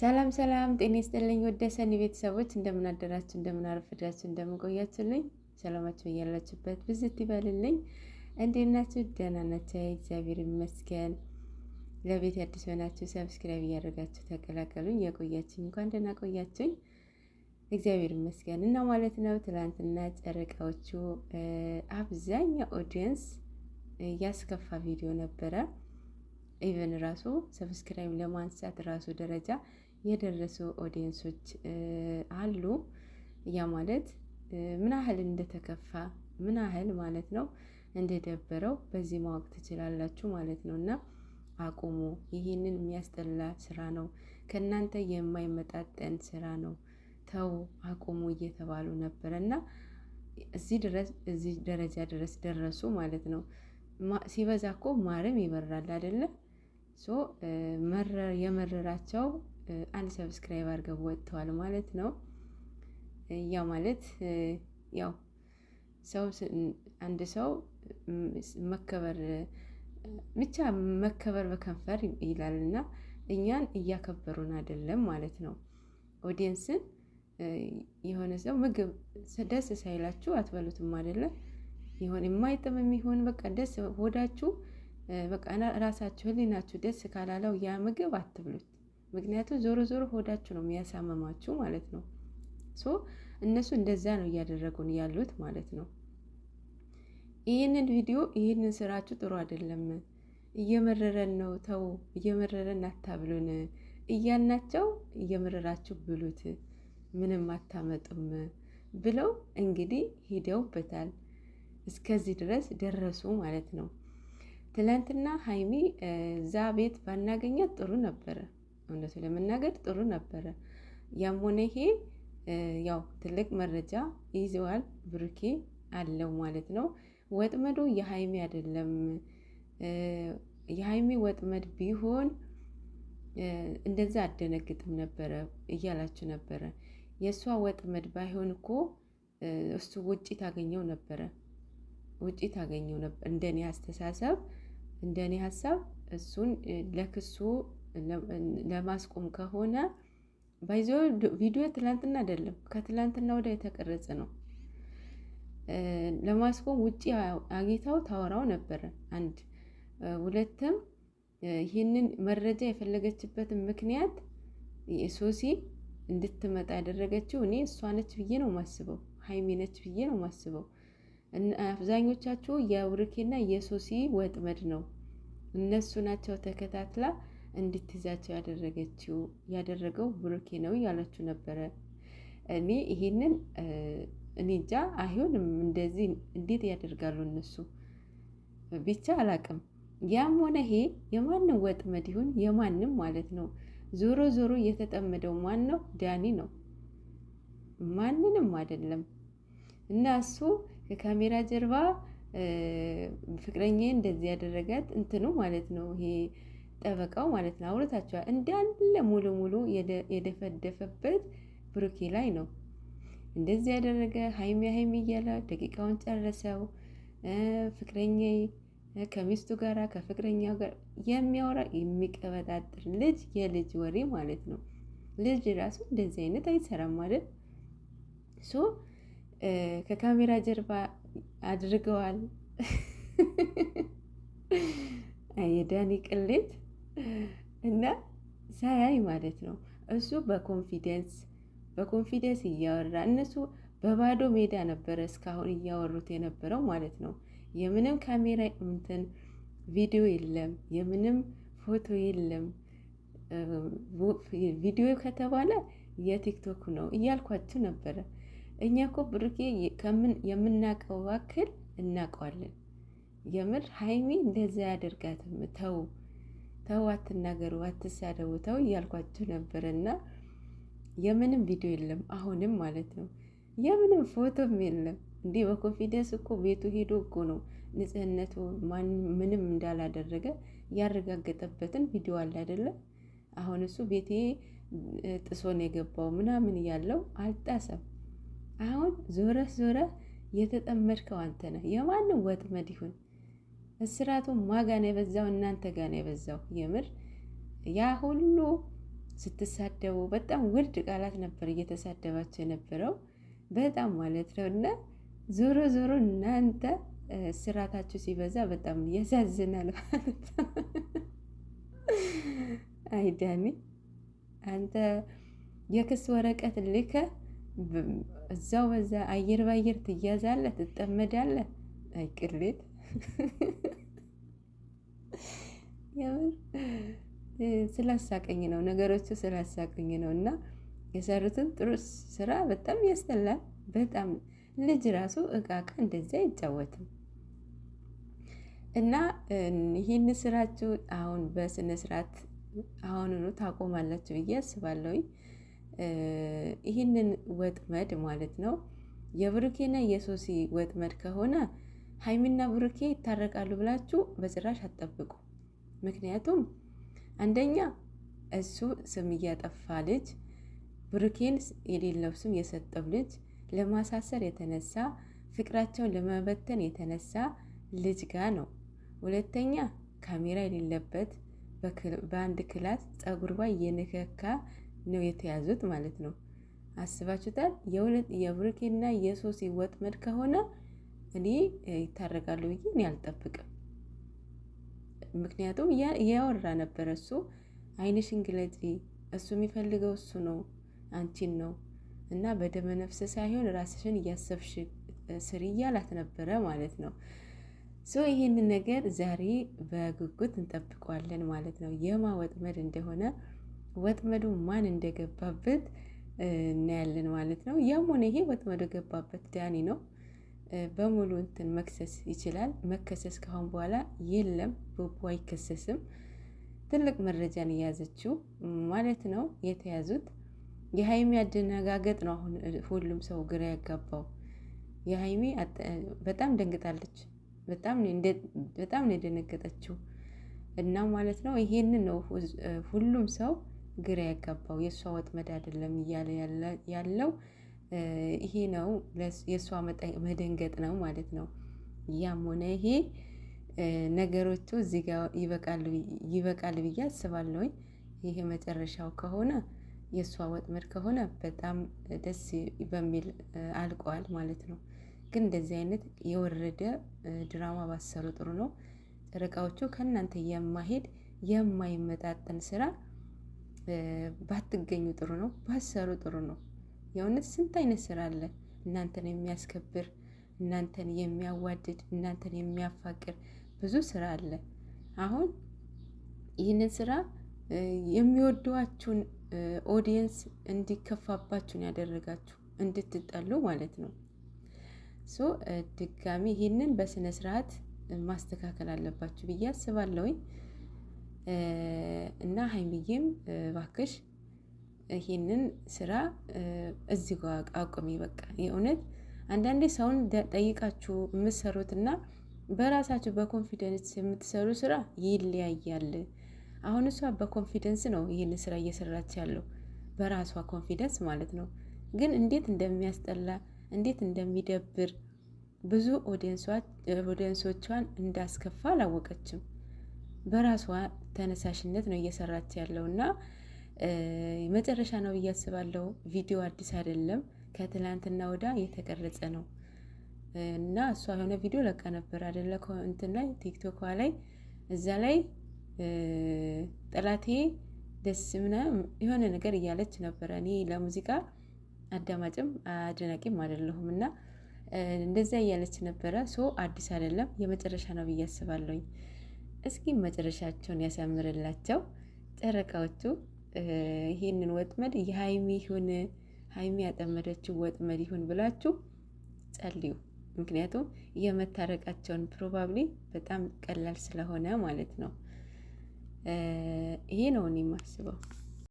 ሰላም ሰላም፣ ጤና ይስጥልኝ ወደ ሰኒ ቤተሰቦች፣ አርፍዳችሁ እንደምን ቆያችሁልኝ? ሰላማችሁ እያላችሁበት ብዝት ይበልልኝ። እንዴት ናችሁ? ደህና ናችሁ? እግዚአብሔር ይመስገን። ለቤት አዲስ ሆናችሁ ሰብስክራይብ እያደረጋችሁ ተቀላቀሉኝ። የቆያችሁኝ እንኳን ደህና ቆያችሁኝ። እግዚአብሔር ይመስገን እና ማለት ነው። ትላንትና ጨረቃዎቹ አብዛኛው ኦዲየንስ ያስከፋ ቪዲዮ ነበረ። ኢቨን ራሱ ሰብስክራይብ ለማንሳት ራሱ ደረጃ የደረሱ ኦዲየንሶች አሉ። ያ ማለት ምን ያህል እንደተከፋ ምን ያህል ማለት ነው እንደደበረው በዚህ ማወቅ ትችላላችሁ ማለት ነው። እና አቁሙ፣ ይህንን የሚያስጠላ ስራ ነው፣ ከእናንተ የማይመጣጠን ስራ ነው። ተው አቆሙ እየተባሉ ነበረ እና እዚህ ድረስ እዚህ ደረጃ ድረስ ደረሱ ማለት ነው። ሲበዛ እኮ ማርም ይበራል አይደለም? ሶ የመረራቸው አንድ ሰብስክራይብ አድርገው ወጥተዋል ማለት ነው። ያ ማለት ያው ሰው አንድ ሰው መከበር ብቻ መከበር በከንፈር እና እኛን እያከበሩን አይደለም ማለት ነው ኦዲየንስን የሆነ ሰው ምግብ ደስ ሳይላችሁ አትበሉትም አይደለም ይሆን የማይጥም የሚሆን በቃ ደስ ሆዳችሁ በቃ ራሳችሁ ህሊናችሁ ደስ ካላለው ያ ምግብ አትብሉት። ምክንያቱም ዞሮ ዞሮ ሆዳችሁ ነው የሚያሳመማችሁ ማለት ነው። ሶ እነሱ እንደዛ ነው እያደረጉን ያሉት ማለት ነው። ይህንን ቪዲዮ ይህንን ስራችሁ ጥሩ አይደለም፣ እየመረረን ነው፣ ተው እየመረረን አታብሉን እያልናቸው እየመረራችሁ ብሉት። ምንም አታመጡም ብለው እንግዲህ ሂደውበታል። እስከዚህ ድረስ ደረሱ ማለት ነው። ትላንትና ሀይሚ እዛ ቤት ባናገኛት ጥሩ ነበረ። እውነቱ ለመናገር ጥሩ ነበረ። ያም ሆነ ይሄ ያው ትልቅ መረጃ ይዘዋል ብሩኬ አለው ማለት ነው። ወጥመዱ የሀይሚ አይደለም። የሀይሚ ወጥመድ ቢሆን እንደዛ አደነግጥም ነበረ እያላችሁ ነበረ። የእሷ ወጥመድ ባይሆን እኮ እሱ ውጪ ታገኘው ነበረ። ውጪ ታገኘው ነበር። እንደኔ አስተሳሰብ፣ እንደኔ ሀሳብ እሱን ለክሱ ለማስቆም ከሆነ ባይዞ ቪዲዮ ትላንትና አይደለም ከትላንትና ወደ የተቀረጸ ነው። ለማስቆም ውጪ አግኝታው ታወራው ነበረ። አንድ ሁለትም ይህንን መረጃ የፈለገችበትን ምክንያት ሶሲ እንድትመጣ ያደረገችው እኔ እሷ ነች ብዬ ነው ማስበው፣ ሀይሜ ነች ብዬ ነው ማስበው። አብዛኞቻችሁ የብሩኬና የሶሲ ወጥመድ ነው። እነሱ ናቸው ተከታትላ እንድትይዛቸው ያደረገችው ያደረገው ብሩኬ ነው እያላችሁ ነበረ። እኔ ይሄንን እኔ እንጃ አይሆንም። እንደዚህ እንዴት ያደርጋሉ እነሱ ብቻ አላቅም። ያም ሆነ ይሄ የማንም ወጥመድ ይሁን የማንም ማለት ነው ዞሮ ዞሮ የተጠመደው ማን ነው? ዳኒ ነው፣ ማንንም አይደለም። እና እሱ ከካሜራ ጀርባ ፍቅረኛ እንደዚህ ያደረጋት እንትኑ ማለት ነው ይሄ ጠበቃው ማለት ነው። አውርታችኋል እንዳለ ሙሉ ሙሉ የደፈደፈበት ብሩኬ ላይ ነው። እንደዚህ ያደረገ ሀይሚ ሀይሚ እያለ ደቂቃውን ጨረሰው ፍቅረኛ ከሚስቱ ጋር ከፍቅረኛው ጋር የሚያወራ የሚቀበጣጥር ልጅ የልጅ ወሬ ማለት ነው። ልጅ ራሱ እንደዚህ አይነት አይሰራም ማለት ሶ ከካሜራ ጀርባ አድርገዋል። የዳኒ ቅሌት እና ሳያይ ማለት ነው። እሱ በኮንፊደንስ በኮንፊደንስ እያወራ እነሱ በባዶ ሜዳ ነበረ እስካሁን እያወሩት የነበረው ማለት ነው። የምንም ካሜራ እንትን ቪዲዮ የለም፣ የምንም ፎቶ የለም። ቪዲዮ ከተባለ የቲክቶክ ነው እያልኳችሁ ነበረ። እኛ እኮ ብሩኬ የምናቀው ዋክል እናቀዋለን። የምር ሀይሚ እንደዚ ያደርጋትም። ተው ተው፣ አትናገሩ፣ አትሳደቡ፣ ተው እያልኳችሁ ነበረ እና የምንም ቪዲዮ የለም አሁንም ማለት ነው። የምንም ፎቶም የለም። እንዲህ በኮንፊደንስ እኮ ቤቱ ሄዶ እኮ ነው ንጽህነቱ ምንም እንዳላደረገ ያረጋገጠበትን ቪዲዮ አለ አይደለም። አሁን እሱ ቤቴ ጥሶን የገባው ምናምን እያለው አልጣሰም። አሁን ዞረህ ዞረህ የተጠመድከው አንተ ነህ። የማንም ወጥመድ ይሁን እስራቱ ማጋን የበዛው፣ እናንተ ጋን የበዛው። የምር ያ ሁሉ ስትሳደቡ በጣም ውድ ቃላት ነበር እየተሳደባቸው የነበረው በጣም ማለት ነው እና ዞሮ ዞሮ እናንተ ስራታችሁ ሲበዛ በጣም ያሳዝናል ማለት ነው። አንተ የክስ ወረቀት ልከ እዛው በዛ አየር ባየር ትያዛለ ትጠመዳለ አይ ቅሌት ስላሳቀኝ ነው ነገሮቹ ስላሳቀኝ ነው። እና የሰሩትን ጥሩ ስራ በጣም ያስጠላል በጣም ልጅ ራሱ እቃ እቃ እንደዚያ አይጫወትም። እና ይህን ስራችሁ አሁን በስነ ስርዓት አሁኑኑ ታቆማላችሁ ብዬ አስባለሁኝ። ይህንን ወጥመድ ማለት ነው የብሩኬና የሶሲ ወጥመድ ከሆነ ሀይሚና ብሩኬ ይታረቃሉ ብላችሁ በጭራሽ አትጠብቁ። ምክንያቱም አንደኛ እሱ ስም እያጠፋ ልጅ ብሩኬን የሌለው ስም የሰጠው ልጅ ለማሳሰር የተነሳ ፍቅራቸውን ለመበተን የተነሳ ልጅ ጋ ነው። ሁለተኛ ካሜራ የሌለበት በአንድ ክላስ ጸጉርባ እየነከካ ነው የተያዙት ማለት ነው። አስባችሁታል? የእውነት የብሩኬና የሶሲ ወጥመድ ከሆነ እኔ ይታረጋሉ ብዬ እኔ አልጠብቅም። ምክንያቱም ያወራ ነበረ እሱ አይንሽን ግለጪ፣ እሱ የሚፈልገው እሱ ነው፣ አንቺን ነው እና በደመ ነፍስ ሳይሆን ራስሽን እያሰብሽ ስሪ እያላት ነበረ ማለት ነው። ሶ ይህንን ነገር ዛሬ በጉጉት እንጠብቀዋለን ማለት ነው። የማ ወጥመድ እንደሆነ ወጥመዱ ማን እንደገባበት እናያለን ማለት ነው። ያም ሆነ ይሄ ወጥመዱ ገባበት ዳኒ ነው። በሙሉ እንትን መክሰስ ይችላል። መከሰስ ካሁን በኋላ የለም። ቦቦ አይከሰስም። ትልቅ መረጃን የያዘችው ማለት ነው የተያዙት የሀይሚ አደነጋገጥ ነው አሁን ሁሉም ሰው ግራ ያጋባው። የሀይሚ በጣም ደንግጣለች። በጣም ነው የደነገጠችው እና ማለት ነው ይሄንን ነው ሁሉም ሰው ግራ ያጋባው። የእሷ ወጥመድ አይደለም እያለ ያለው ይሄ ነው። የእሷ መደንገጥ ነው ማለት ነው። ያም ሆነ ይሄ ነገሮቹ እዚህ ጋር ይበቃል ብዬ አስባለሁኝ። ይሄ መጨረሻው ከሆነ የእሷ ወጥመድ ከሆነ በጣም ደስ በሚል አልቀዋል ማለት ነው። ግን እንደዚህ አይነት የወረደ ድራማ ባሰሩ ጥሩ ነው። ጨረቃዎቹ ከእናንተ የማሄድ የማይመጣጠን ስራ ባትገኙ ጥሩ ነው፣ ባሰሩ ጥሩ ነው። የእውነት ስንት አይነት ስራ አለ እናንተን የሚያስከብር እናንተን የሚያዋድድ እናንተን የሚያፋቅር ብዙ ስራ አለ። አሁን ይህንን ስራ የሚወዷችሁን ኦዲየንስ እንዲከፋባችሁን ያደረጋችሁ እንድትጠሉ ማለት ነው። ሶ ድጋሚ ይህንን በስነ ስርዓት ማስተካከል አለባችሁ ብዬ አስባለሁኝ። እና ሀይሚዬም ባክሽ ይህንን ስራ እዚህ ጋ አቁሚ። በቃ የእውነት አንዳንዴ ሰውን ጠይቃችሁ የምትሰሩትና በራሳችሁ በኮንፊደንስ የምትሰሩ ስራ ይለያያል። አሁን እሷ በኮንፊደንስ ነው ይህን ስራ እየሰራች ያለው በራሷ ኮንፊደንስ ማለት ነው። ግን እንዴት እንደሚያስጠላ እንዴት እንደሚደብር ብዙ ኦዲየንሶቿን እንዳስከፋ አላወቀችም። በራሷ ተነሳሽነት ነው እየሰራች ያለው እና መጨረሻ ነው ብዬ አስባለሁ። ቪዲዮ አዲስ አይደለም፣ ከትላንትና ወዳ የተቀረጸ ነው እና እሷ የሆነ ቪዲዮ ለቃ ነበር አደለ እንትን ላይ ቲክቶክ ላይ እዛ ላይ ጠላቴ ደስ ምና የሆነ ነገር እያለች ነበረ። እኔ ለሙዚቃ አዳማጭም አድናቂም አይደለሁም እና እንደዚያ እያለች ነበረ። ሶ አዲስ አይደለም የመጨረሻ ነው ብዬ አስባለሁኝ። እስኪ መጨረሻቸውን ያሳምርላቸው ጨረቃዎቹ። ይህንን ወጥመድ የሀይሚ ይሁን ሀይሚ ያጠመደችው ወጥመድ ይሁን ብላችሁ ጸልዩ። ምክንያቱም የመታረቃቸውን ፕሮባብሊ በጣም ቀላል ስለሆነ ማለት ነው። ይሄ ነው እኔ የማስበው።